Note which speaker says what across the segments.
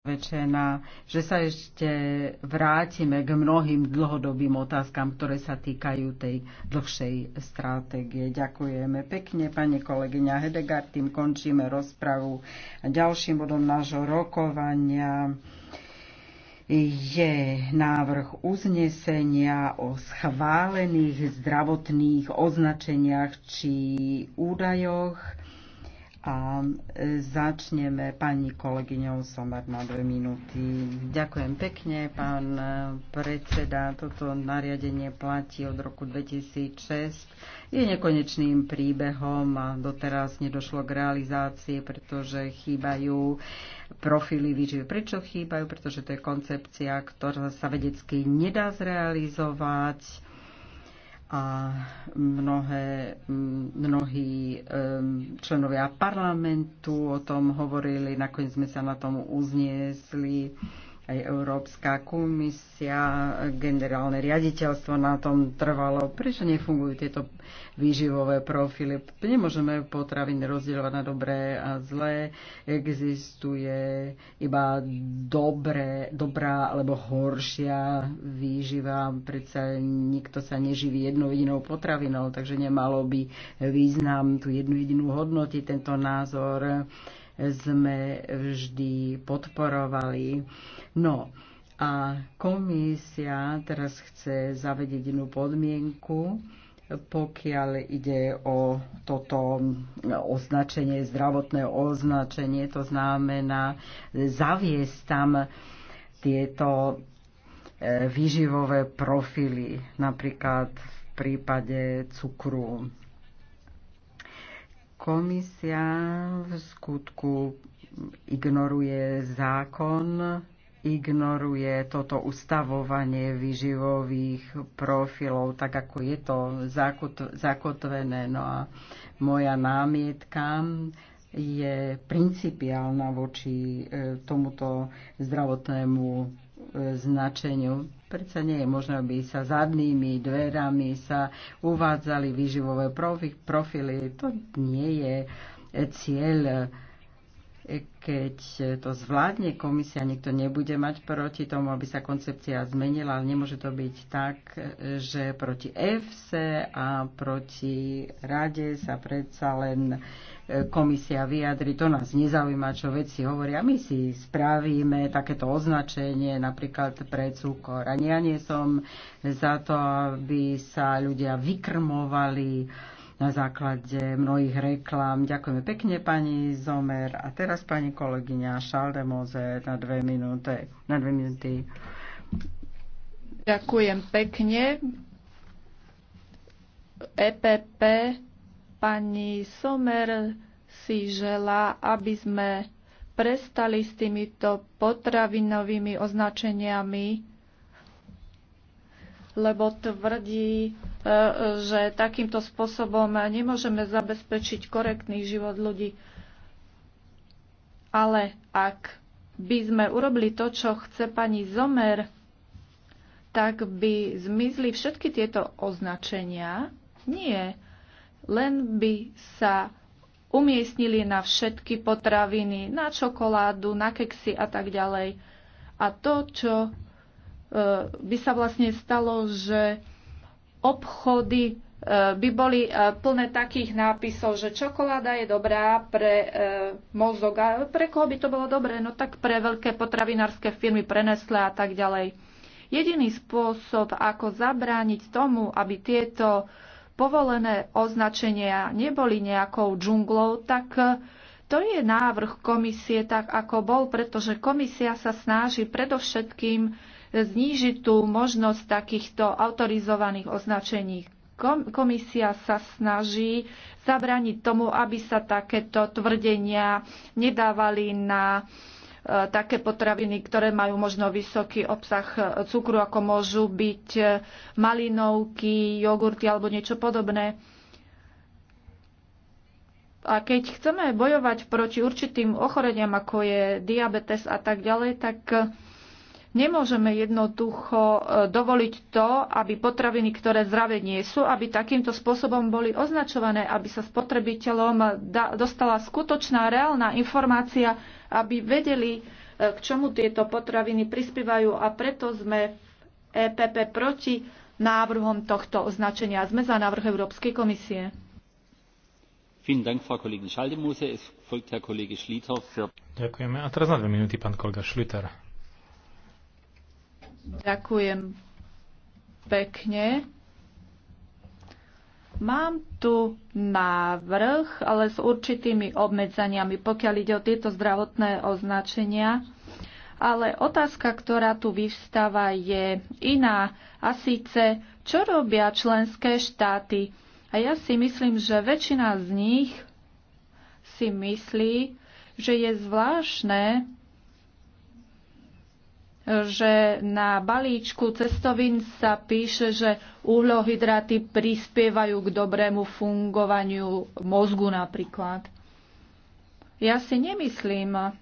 Speaker 1: Večená, že sa ešte vrátime k mnohým dlhodobým otázkam, ktoré sa týkajú tej dlhšej stratégie. Ďakujeme pekne, pani kolegyňa Hedegard, tým končíme rozpravu. Ďalším bodom nášho rokovania je návrh uznesenia o schválených zdravotných označeniach či údajoch a e, začneme pani kolegyňou Somer na dve minúty. Ďakujem pekne, pán e, predseda. Toto nariadenie platí od roku 2006. Je nekonečným príbehom a doteraz nedošlo k realizácii, pretože chýbajú profily výživy. Prečo chýbajú? Pretože to je koncepcia, ktorá sa vedecky nedá zrealizovať a mnohé, mnohí členovia parlamentu o tom hovorili, nakoniec sme sa na tom uzniesli aj Európska komisia, generálne riaditeľstvo na tom trvalo. Prečo nefungujú tieto výživové profily? Nemôžeme potraviny rozdielovať na dobré a zlé. Existuje iba dobré, dobrá alebo horšia výživa. Prečo nikto sa neživí jednou jedinou potravinou, takže nemalo by význam tú jednu jedinú hodnotiť tento názor sme vždy podporovali. No a komisia teraz chce zavedieť inú podmienku, pokiaľ ide o toto označenie, zdravotné označenie, to znamená zaviesť tam tieto e, výživové profily, napríklad v prípade cukru. Komisia v skutku ignoruje zákon, ignoruje toto ustavovanie výživových profilov, tak ako je to zakotvené. No a moja námietka je principiálna voči e, tomuto zdravotnému značeniu. Prečo nie je možné, aby sa zadnými dverami sa uvádzali výživové profily? To nie je cieľ keď to zvládne komisia, nikto nebude mať proti tomu, aby sa koncepcia zmenila, ale nemôže to byť tak, že proti EFSE a proti rade sa predsa len e, komisia vyjadri, to nás nezaujíma, čo vedci hovoria. My si spravíme takéto označenie napríklad pre cukor. A ja nie som za to, aby sa ľudia vykrmovali na základe mnohých reklám. Ďakujeme pekne pani Zomer a teraz pani kolegyňa Šaldemoze na dve minúty. Na dve minúty.
Speaker 2: Ďakujem pekne. EPP pani Somer si žela, aby sme prestali s týmito potravinovými označeniami, lebo tvrdí, E, že takýmto spôsobom nemôžeme zabezpečiť korektný život ľudí. Ale ak by sme urobili to, čo chce pani Zomer, tak by zmizli všetky tieto označenia. Nie, len by sa umiestnili na všetky potraviny, na čokoládu, na keksy a tak ďalej. A to, čo e, by sa vlastne stalo, že obchody e, by boli e, plné takých nápisov, že čokoláda je dobrá pre e, mozog. A pre koho by to bolo dobré? No tak pre veľké potravinárske firmy, prenesle a tak ďalej. Jediný spôsob, ako zabrániť tomu, aby tieto povolené označenia neboli nejakou džunglou, tak to je návrh komisie tak, ako bol, pretože komisia sa snaží predovšetkým znížiť tú možnosť takýchto autorizovaných označení. Komisia sa snaží zabraniť tomu, aby sa takéto tvrdenia nedávali na e, také potraviny, ktoré majú možno vysoký obsah e, cukru, ako môžu byť e, malinovky, jogurty alebo niečo podobné. A keď chceme bojovať proti určitým ochoreniam, ako je diabetes a tak ďalej, tak Nemôžeme jednoducho e, dovoliť to, aby potraviny, ktoré zdravé nie sú, aby takýmto spôsobom boli označované, aby sa spotrebiteľom e, dostala skutočná, reálna informácia, aby vedeli, e, k čomu tieto potraviny prispievajú a preto sme v EPP proti návrhom tohto označenia. Sme za návrh Európskej komisie.
Speaker 3: Ďakujeme. A teraz na dve minúty pán kolega Schlüter.
Speaker 2: Ďakujem pekne. Mám tu návrh, ale s určitými obmedzaniami, pokiaľ ide o tieto zdravotné označenia. Ale otázka, ktorá tu vyvstáva, je iná. A síce, čo robia členské štáty? A ja si myslím, že väčšina z nich si myslí, že je zvláštne, že na balíčku cestovín sa píše, že uhlohydráty prispievajú k dobrému fungovaniu mozgu napríklad. Ja si nemyslím,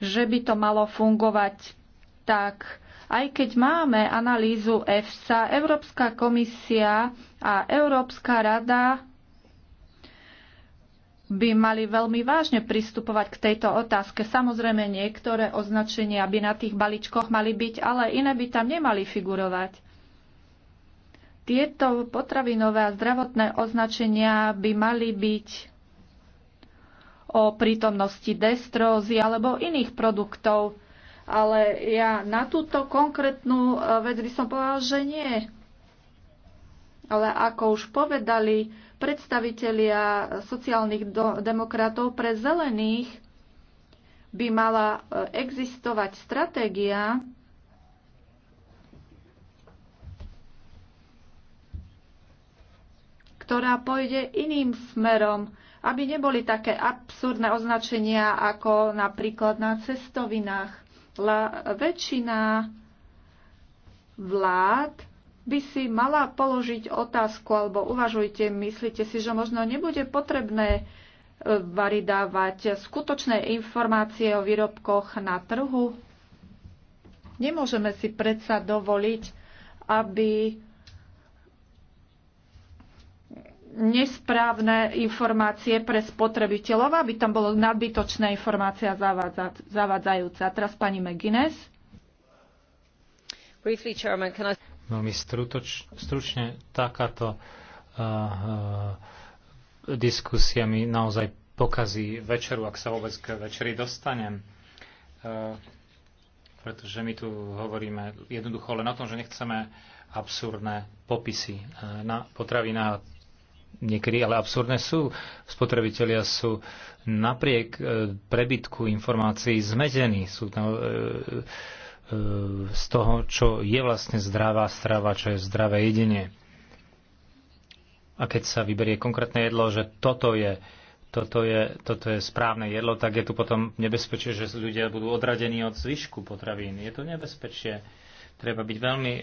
Speaker 2: že by to malo fungovať tak, aj keď máme analýzu EFSA, Európska komisia a Európska rada by mali veľmi vážne pristupovať k tejto otázke. Samozrejme, niektoré označenia by na tých balíčkoch mali byť, ale iné by tam nemali figurovať. Tieto potravinové a zdravotné označenia by mali byť o prítomnosti destrózy alebo iných produktov, ale ja na túto konkrétnu eh, vec by som povedal, že nie. Ale ako už povedali, predstavitelia sociálnych demokratov pre zelených by mala e, existovať stratégia, ktorá pôjde iným smerom, aby neboli také absurdné označenia ako napríklad na cestovinách. La, väčšina vlád by si mala položiť otázku alebo uvažujte, myslíte si, že možno nebude potrebné e, varidávať skutočné informácie o výrobkoch na trhu? Nemôžeme si predsa dovoliť, aby nesprávne informácie pre spotrebiteľov, aby tam bolo nadbytočná informácia zavádzajúca. A teraz pani McGuinness.
Speaker 3: Veľmi strutoč, stručne takáto uh, uh, diskusia mi naozaj pokazí večeru, ak sa vôbec k večeri dostanem. Uh, pretože my tu hovoríme jednoducho len o tom, že nechceme absurdné popisy na potravinách niekedy, ale absurdné sú. Spotrebitelia sú napriek prebytku informácií zmedení. Sú tam, uh, z toho, čo je vlastne zdravá strava, čo je zdravé jedenie. A keď sa vyberie konkrétne jedlo, že toto je, toto je, toto je správne jedlo, tak je tu potom nebezpečie, že ľudia budú odradení od zvyšku potravín. Je to nebezpečie. Treba byť veľmi uh,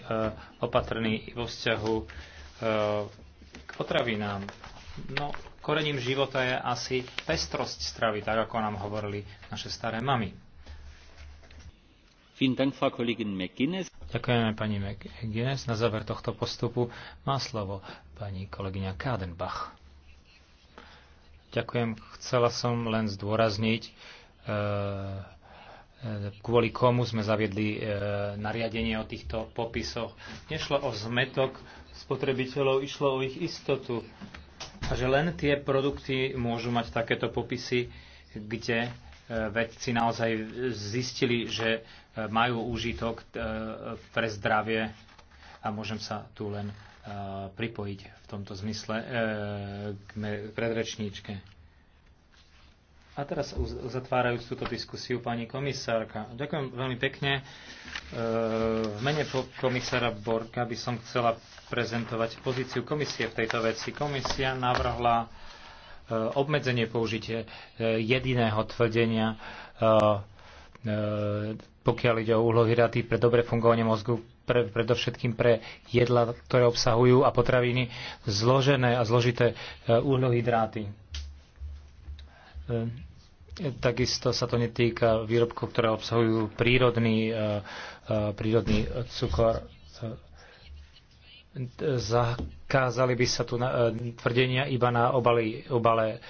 Speaker 3: opatrný vo vzťahu uh, k potravinám. No, korením života je asi pestrosť stravy, tak ako nám hovorili naše staré mamy. Ďakujeme pani McGuinness. Na záver tohto postupu má slovo pani kolegyňa Kádenbach. Ďakujem. Chcela som len zdôrazniť, e, e, kvôli komu sme zaviedli e, nariadenie o týchto popisoch. Nešlo o zmetok spotrebiteľov, išlo o ich istotu. A že len tie produkty môžu mať takéto popisy, kde vedci naozaj zistili, že e, majú úžitok e, pre zdravie a môžem sa tu len e, pripojiť v tomto zmysle k predrečníčke. A teraz uzatvárajúc túto diskusiu pani komisárka. Ďakujem veľmi pekne. V mene komisára Borka by som chcela prezentovať pozíciu komisie v tejto veci. Komisia navrhla Eh, obmedzenie použitie eh, jediného tvrdenia, eh, pokiaľ ide o úlohy rady pre dobré fungovanie mozgu, pre, predovšetkým pre jedla, ktoré obsahujú a potraviny zložené a zložité uhlohydráty. Takisto sa to netýka výrobkov, ktoré obsahujú prírodný, prírodný cukor zakázali by sa tu na, e, tvrdenia iba na obale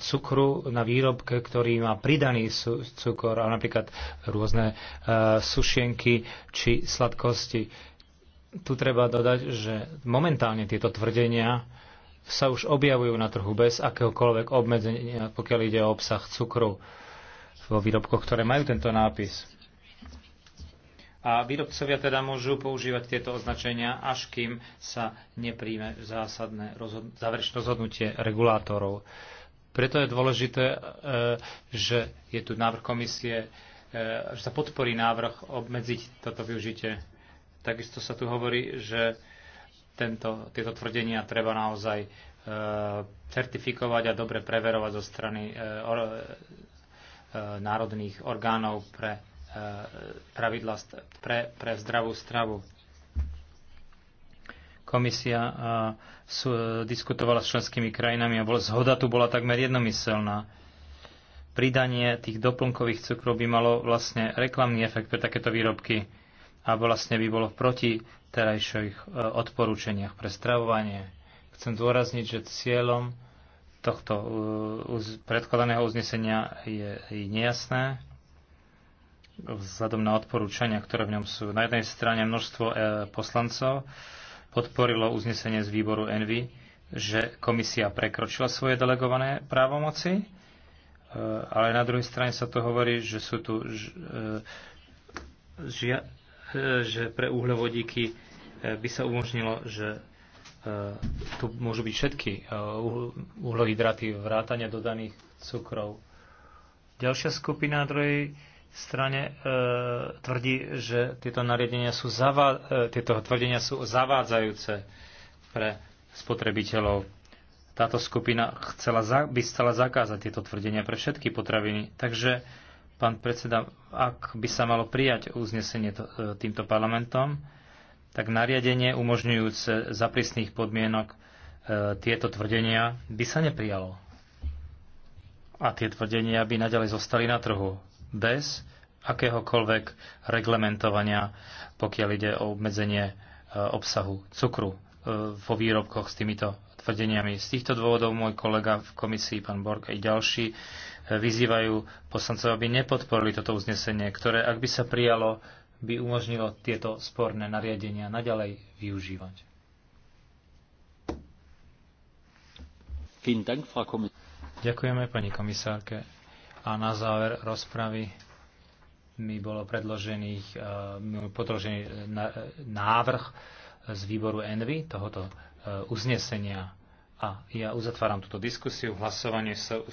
Speaker 3: cukru na výrobke, ktorý má pridaný cukor, a napríklad rôzne uh, e, sušenky či sladkosti. Tu treba dodať, že momentálne tieto tvrdenia sa už objavujú na trhu bez akéhokoľvek obmedzenia, pokiaľ ide o obsah cukru vo výrobkoch, ktoré majú tento nápis a výrobcovia teda môžu používať tieto označenia, až kým sa nepríjme zásadné rozhod- záverečné rozhodnutie regulátorov. Preto je dôležité, e, že je tu návrh komisie, e, že sa podporí návrh obmedziť toto využitie. Takisto sa tu hovorí, že tento, tieto tvrdenia treba naozaj e, certifikovať a dobre preverovať zo strany národných orgánov pre Eh, pravidla pre, pre zdravú stravu. Komisia eh, eh, diskutovala s členskými krajinami a zhoda tu bola takmer jednomyselná. Pridanie tých doplnkových cukrov by malo vlastne reklamný efekt pre takéto výrobky a vlastne by bolo proti terajších odporúčaniach pre stravovanie. Chcem zdôrazniť, že cieľom tohto predkladaného uznesenia je nejasné vzhľadom na odporúčania, ktoré v ňom sú. Na jednej strane množstvo e, poslancov podporilo uznesenie z výboru Envy, že komisia prekročila svoje delegované právomoci, e, ale na druhej strane sa to hovorí, že sú tu e, že pre uhľovodíky by sa umožnilo, že tu môžu byť všetky uhlohydráty vrátania dodaných cukrov. Ďalšia skupina druhej strane e, tvrdí, že tieto, nariadenia sú zavá, e, tieto tvrdenia sú zavádzajúce pre spotrebiteľov. Táto skupina chcela by chcela zakázať tieto tvrdenia pre všetky potraviny. Takže, pán predseda, ak by sa malo prijať uznesenie to, e, týmto parlamentom, tak nariadenie umožňujúce za prísnych podmienok e, tieto tvrdenia by sa neprijalo. A tie tvrdenia by nadalej zostali na trhu bez akéhokoľvek reglementovania, pokiaľ ide o obmedzenie e, obsahu cukru e, vo výrobkoch s týmito tvrdeniami. Z týchto dôvodov môj kolega v komisii, pán Borg, i ďalší e, vyzývajú poslancov, aby nepodporili toto uznesenie, ktoré, ak by sa prijalo, by umožnilo tieto sporné nariadenia naďalej využívať. Ďakujeme pani komisárke. A na záver rozpravy mi bolo predložený e, podložený e, e, návrh z výboru Envy tohoto uznesenia. A ja uzatváram túto diskusiu. Hlasovanie sa